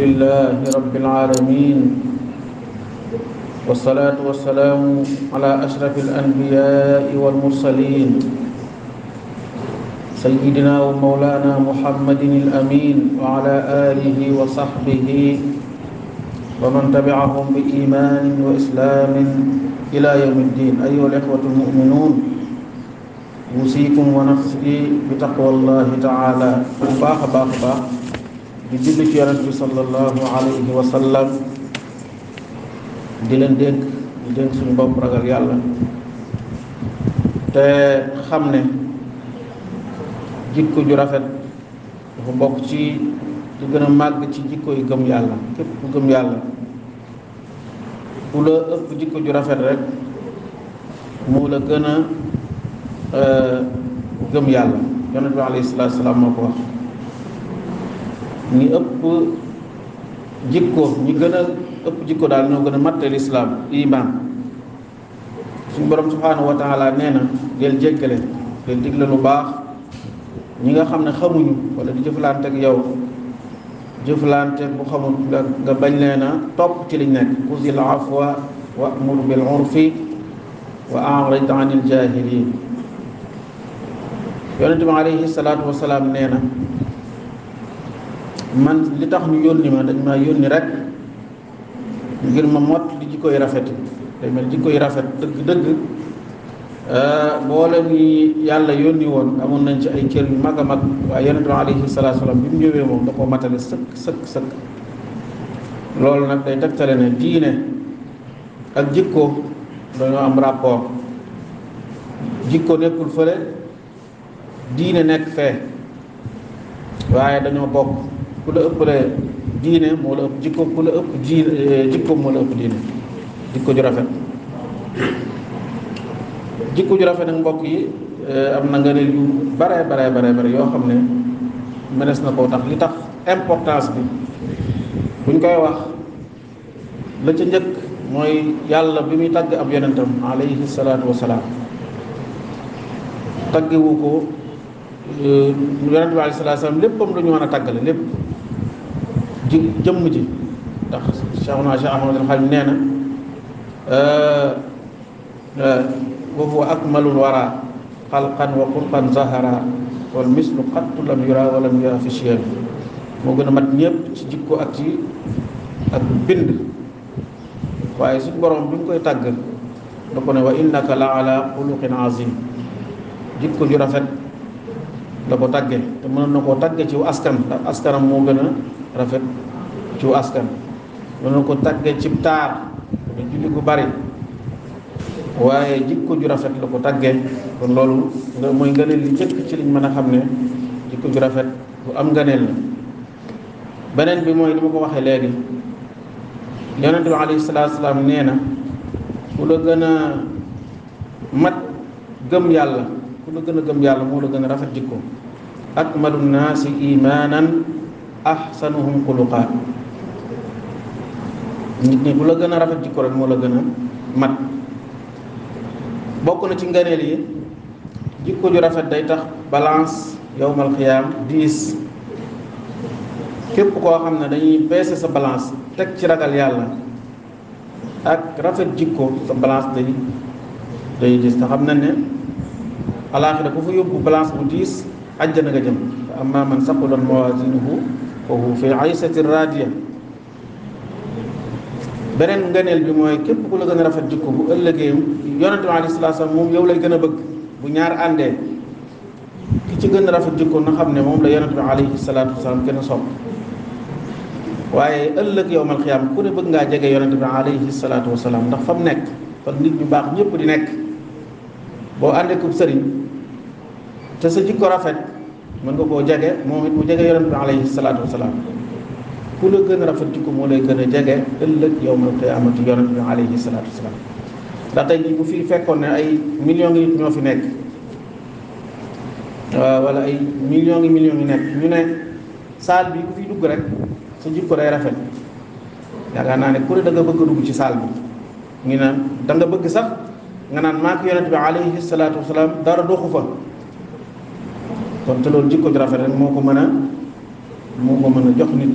لله رب العالمين والصلاة والسلام على أشرف الأنبياء والمرسلين سيدنا ومولانا محمد الأمين وعلى آله وصحبه ومن تبعهم بإيمان وإسلام إلى يوم الدين أيها الإخوة المؤمنون أوصيكم ونفسي بتقوى الله تعالى باخ باخ باخ di julli ci yonent bi sallallahu alayhi wa sallam di leen dénk dénk suñu bopp ragal yàlla te xam ne jikko ju rafet dafa bokk ci lu gën a màgg ci jikko yu gëm yàlla képp ku gëm yàlla ku la ëpp jikko ju rafet rek moo la gën a euh, gëm yàlla yonent bi alayhi salaatu salaam moo ko wax ñi ëpp jikko ñi gën a ëpp jikko daal ñoo gën a mattal islaam iman suñu borom subhanahu wa taala nee na del jéggale del digle lu baax ñi nga xam ne xamuñu wala di jëflante ak yow jëflante bu xamul nga bañ leen topp ci liñ nekk usil afwa wa amur bil urfi wa a'rid anil jahilin yonente bi alayhi salaatu wasalaam nee na man li tax ñu yónni ma dañ ma yónni rek ngir ma mot li jikkoy rafet day mel jikkoy rafet dëgg-dëgg euh, mboolem yi yàlla yónni woon amoon nañ ci ay cër yu mag a mag waaye yonent bi alayhi salaatu bi mu ñëwee moom koo matale sëkk sëkk sëkk loolu nag day tegtale ne diine ak jikko dañoo am rapport jikko nekkul fële diine nekk fee waaye dañoo bokk ku la ëpp la diine moo la ëpp jikko ku la ëpp ji eh, jikko moo la ëpp diine jikko ju rafet jikko ju rafet nag mbokk yi eh, am na nga ne yu bare bare bare bare yoo xam ne mënees na koo tax li tax importance bi buñ koy wax la ca njëkk mooy yàlla bi muy tàgg ab yonentam alayhi salaatu wasalaam tàggewu ko eh, yonent bi alayhi salaatu wasalaam léppam lu ñu wan a tàggale lépp ji jëmm ji ndax Cheikhuna Cheikh Ahmadul Xadim nee na euh, euh, wa huwa akmalul wara xalqan wa xulqan zahara wal mislu xattu lam yura wa lam yura fi chiyam moo gën a mat ñëpp ci jikko ak ci ak bind waaye suñ borom bi mu koy tàgg da ko ne wa innaka la ala xuluqin azim jikko ju rafet da ko tàgge te mën na koo tàgge ci askan ndax askanam moo gën a rafet ci askan loolu ko tàggee ci taar lu julli gu bari waaye jikko ju rafet la ko tàggee kon loolu nga mooy ngëneel li jëkk ci liñ mën a xam ne jikko ju rafet bu am ngëneel la beneen bi mooy li ma ko waxee léegi yonent bi alayhi salaatu salaam nee na ku la gën a mat gëm yàlla ku la gën a gëm yàlla moo la gën a rafet jikko akmalu naasi imaanan ahsanuhum xuluqaan nit ñi bu la gën a rafet jikko rek moo la gën a mat bokk na ci ngëneel yi jikko ju rafet day tax balance yowmal xiyaam diis képp koo xam ne dañuy peese sa balance teg ci ragal yàlla ak rafet jikko sa balance day day diis te xam na ne alaaxira ku fa yóbbu balance bu diis àjjana nga jëm amma man saqulat mawaazinuhu وهو في عيسة راضية beneen ngëneel bi mooy képp ku la gën a rafet jikko bu ëllëgee yonente bi alayhi salaatu salaam moom yow lay gën a bëgg bu ñaar àndee ki ci gën a rafet jikko na xam ne moom la yonente bi alayhi salaatu wasalaam gën a sopp waaye ëllëg yowmal xiyaam ku ne bëgg ngaa jege yonente bi alayhi salaatu salaam ndax fa mu nekk fa nit ñu baax ñëpp di nekk boo àndee kub sëriñ te sa jikko rafet mën nga koo jege moom it mu jege yonent bi alayhi salaatu wasalaam ku la gën a rafet jikko moo lay gën a jege ëllëg yow ma te amati yonent bi alayhi salaatu wasalaam ndax tey jii bu fi fekkoon ne ay millions ngi ñoo fi nekk wala ay millions ngi millions ngi ñu ne saal bi ku fiy dugg rek sa jikko day rafet yaakaar naa ne ku ne ci saal bi ñu naan da nga bëgg sax nga naan maa ko yonent bi dara doxu fa kon te loolu jikko ju rafet rek moo ko mën a moo ko mën a jox nit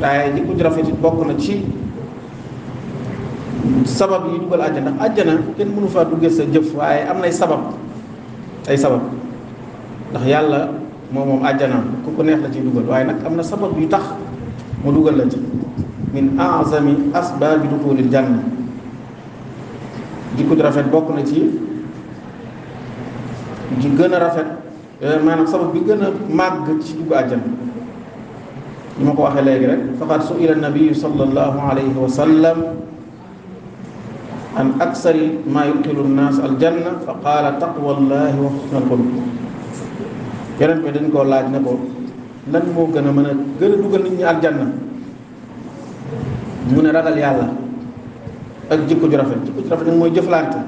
waaye jikko ju rafet it bokk na ci sabab yi dugal àjjana ndax àjjana kenn mënu faa duggee sa jëf waaye am nay sabab ay sabab ndax yàlla moom moom àjjana ku ko neex la ciy dugal waaye nag am na sabab yu tax mu dugal la ci min azami asbaabi duxulil janna jikko ju rafet bokk na ci ji gën a rafet Euh, maanaam sabab bi gën a màgg ci dugg àjjana ñu ma ko waxee léegi rek faqad suila nabiyu sallallahu alayhi wa sallam an aksari maa yudxilu nnaas aljanna fa qaala taqwallahi wa xusnal xuluq yeneen bi dañ koo laaj ne ko lan moo gën a mën a gën a dugal nit ñi aljanna mu ne ragal yàlla ak jikko ju rafet jikko nag mooy jëflante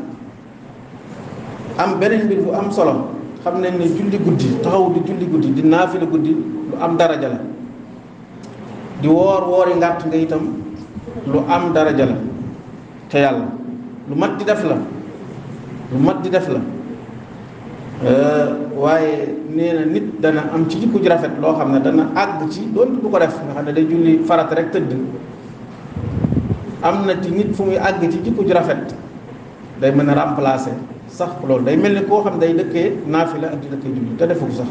am beneen mbir bu am solo xam nañ ne julli guddi taxaw di julli guddi di naafila guddi lu am daraja la di woor woori ngàtt nga itam lu am daraja la te yàlla lu mat di def la lu mat di def la euh, waaye nee na nit dana am ci jikko ji rafet loo xam ne dana àgg ci doon du ko def nga xam ne day julli farata rek tëdd am na ci nit fu muy àgg ci jikko ji rafet day mën a remplacer sax loolu day mel ni koo xam ne day dëkkee naafila ak di dëkkee julli te defu sax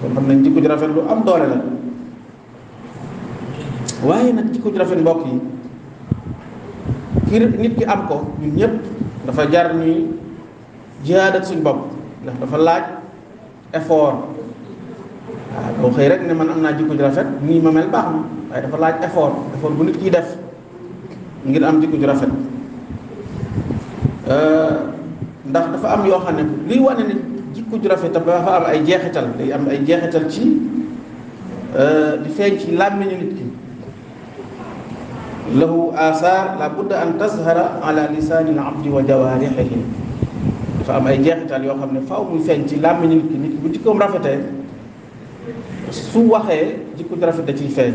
kon xam nañ jikko ju rafet lu am doole la waaye nag jikko ju rafet mbokk yi ki nit ki am ko ñun ñëpp dafa jar ñuy jihaad ak suñ bopp ndax dafa laaj effort waaw doo xëy rek ne man am naa jikko ju rafet nii ma mel baax na waaye dafa laaj effort effort bu nit kiy def ngir am jikko rafet Euh, ndax dafa am yoo xam ne liy wane ne jikko ju rafet dafa am ay jeexital day am ay jeexital ci euh, di feeñ ci làmmiñu nit ki lahu asaar la budda an tazhara ala lisaani al abdi wa jawaarixihi dafa am ay jeexital yoo xam ne faaw muy feeñ ci làmmiñu nit ki nit bu jikkoom rafetee su waxee jikko ju rafet da ciy feeñ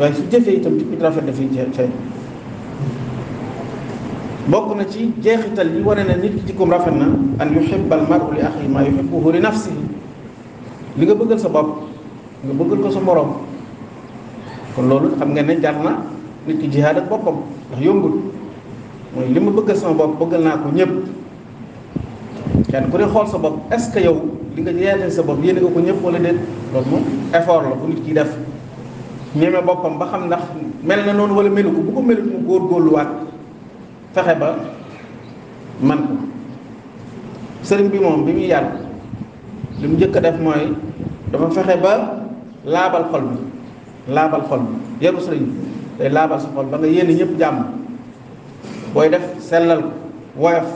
waaye su jëfee itam jikko ju rafet dafay feeñ bokk na ci jeexital yi wane na nit ki jikkoom rafet na an yuhibba al mar'u li axihi ma yuhibbuhu li nafsihi li nga bëggal sa bopp nga bëggal ko sa moroom kon loolu xam ngeen ne jar na nit ki jihaad ak boppam ndax yombul mooy li ma bëggal sama bopp bëggal naa ko ñëpp kenn ku ne xool sa bopp est-ce que yow li nga yeete sa bopp yéene nga ko ñëpp walla déet loolu moom effort la bu nit ki def ñeme boppam ba xam ndax mel na noonu wala melu ko bu ko melut mu góorgóorluwaat fexe ba man ko sëriñ bi moom bi muy yar li mu njëkk a def mooy dafa fexe ba laabal xol bi laabal xol bi yaru sëriñ bi day laabal sa xol ba nga yéene ñëpp jàmm booy def sellal ko woyof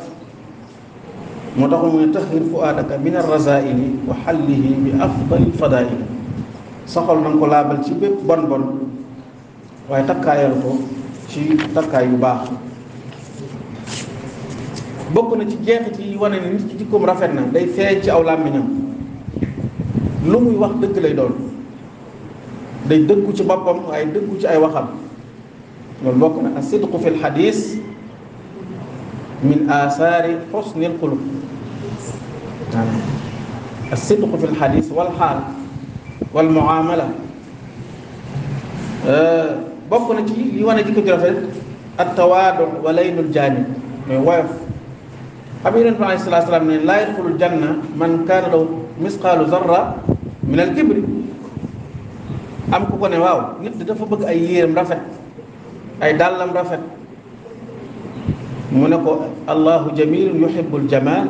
moo tax mu ne taxir ko min arrasaili wa xallihi bi afdali fadaili sa xol na nga ko laabal ci bépp bon bon waaye takkaayalu ko ci takkaay yu baax bokk na ci jeexit yi wane ne ci ki jikkoom rafet na day feeñ ci aw làmmiñam lu muy wax dëgg lay doon day dëggu ci boppam waaye dëggu ci ay waxam loolu bokk na as-sidqu fi l-xadiis min asaari xusni l-xuluq as-sidqu fi l-xadiis wal xaal bokk na ci li wane jikko ju rafet at-tawaadu wa laynul jaani mooy woyof xam yonent bi alayhi ne laa yadxulu janna man kaana law misqaalu zarra min al am ku ko ne waaw nit dafa bëgg ay yéeram rafet ay dàllam rafet mu ne ko allahu jamilun yuhibbul jamal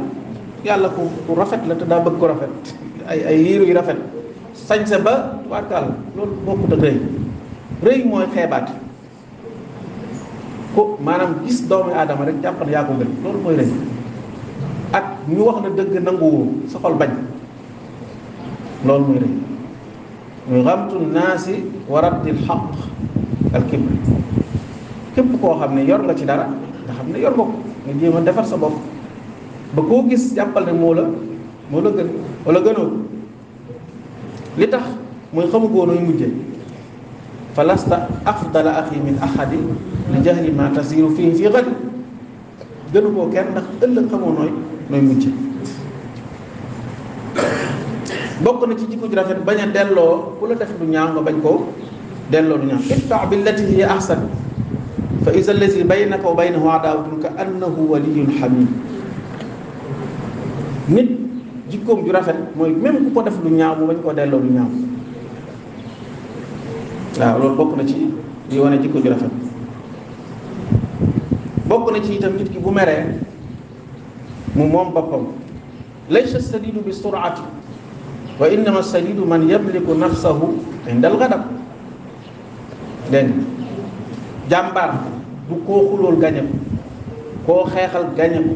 yàlla ku ku rafet la te daa bëgg ko rafet ay ay yéeru yu rafet sañse ba waakaal loolu bokkut ak rëy rëy mooy xeebaat ko maanaam gis doomu aadama rek jàpp ne yaa ko gën loolu mooy rëy ak ñu wax la dëgg nanguwu sa xol bañ loolu mooy rëy muy xamtu naasi wa raddil xaq al kibr koo xam ne yor la ci dara nga xam ne yor nga ko nga jéem a defar sa bopp ba koo gis jàppal ne moo la moo la gën wala gënoo li tax mooy xamugoo nooy mujje falasta afdala axi min ahadi li jahli ma tasiru fii fii xadi gënu koo kenn ndax ëllëg xamoo nooy nooy mujj bokk na ci jikko ju rafet bañ a delloo ku la def du ñaaw nga bañ koo delloo du ñaaw ittaba billati hiya ahsan fa iza allazi baynaka wa baynahu adaawatun ka annahu waliyyun hamim nit jikkoom ju rafet mooy même ku ko def du ñaaw mu bañ koo delloo du ñaaw waaw loolu bokk na ci li wane jikko ju rafet bokk na ci itam nit ki bu meree mu moom boppam laysa sadidu bi suraati wa innama sadidu man yamliku nafsahu inda algadab dégg jàmbaar du koo xulool gañe ko xeexal gañe ko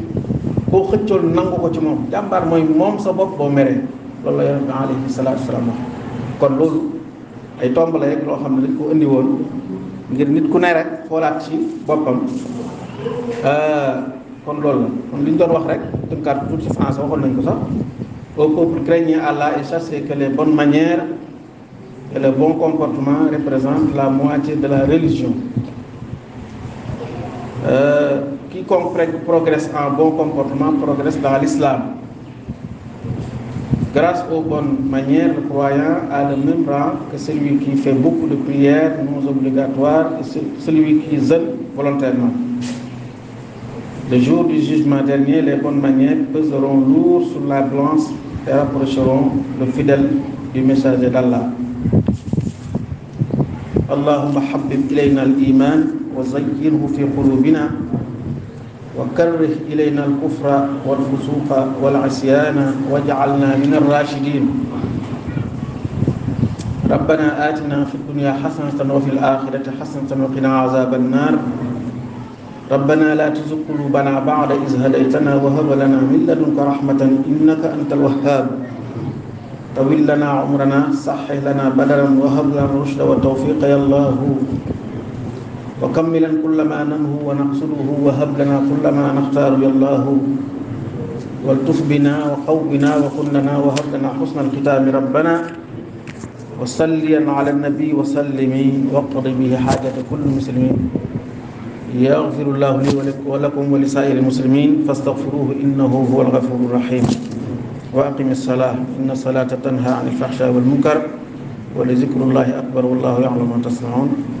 koo xëccool nangu ko ci moom jàmbaar mooy moom sa bopp boo meree loolu la yonent bi kon loolu ay tomb la rek ne dañ ko indi woon ngir nit ku ne rek xoolaat ci boppam Euh, kon loolu la kon li ñu doon wax rek tënkaat tuuti ci français waxoon nañ ko sax au peuple craignez Allah et sachez que les bonnes manières et le bon représentent la moitié de la religion euh, quiconque progresse en bon comportement progresse dans l'islam grâce aux bonnes manières le croyant a le même rang que celui qui fait beaucoup de prières non obligatoires et celui qui jeûne volontairement Le jour du jugement dernier, les bonnes manières peseront lourd sur la balance et rapprocheront le fidèle du messager d'Allah. Allahumma habbib ilayna al-iman wa zayyinhu fi qulubina wa karrih ilayna al-kufra wal-fusuqa wal-asyana waj'alna min ar-rashidin. Rabbana atina fid dunya hasanatan wa fil akhirati hasanatan wa qina azaban nar. ربنا لا تزغ قلوبنا بعد إذ هديتنا وهب لنا من لدنك رحمة إنك أنت الوهاب طول لنا عمرنا صحح لنا بدنا وهب لنا الرشد والتوفيق يا الله وكملا كل ما ننهو ونقصده وهب لنا كل ما نختار يا الله والتف بنا وقونا وكلنا وهب لنا حسن الختام ربنا وصليا على النبي وسلم واقض به حاجة كل المسلمين يغفر الله لي ولكم ولسائر المسلمين فاستغفروه إنه هو الغفور الرحيم وأقم الصلاة إن الصلاة تنهى عن الفحشاء والمنكر ولذكر الله أكبر والله يعلم ما تصنعون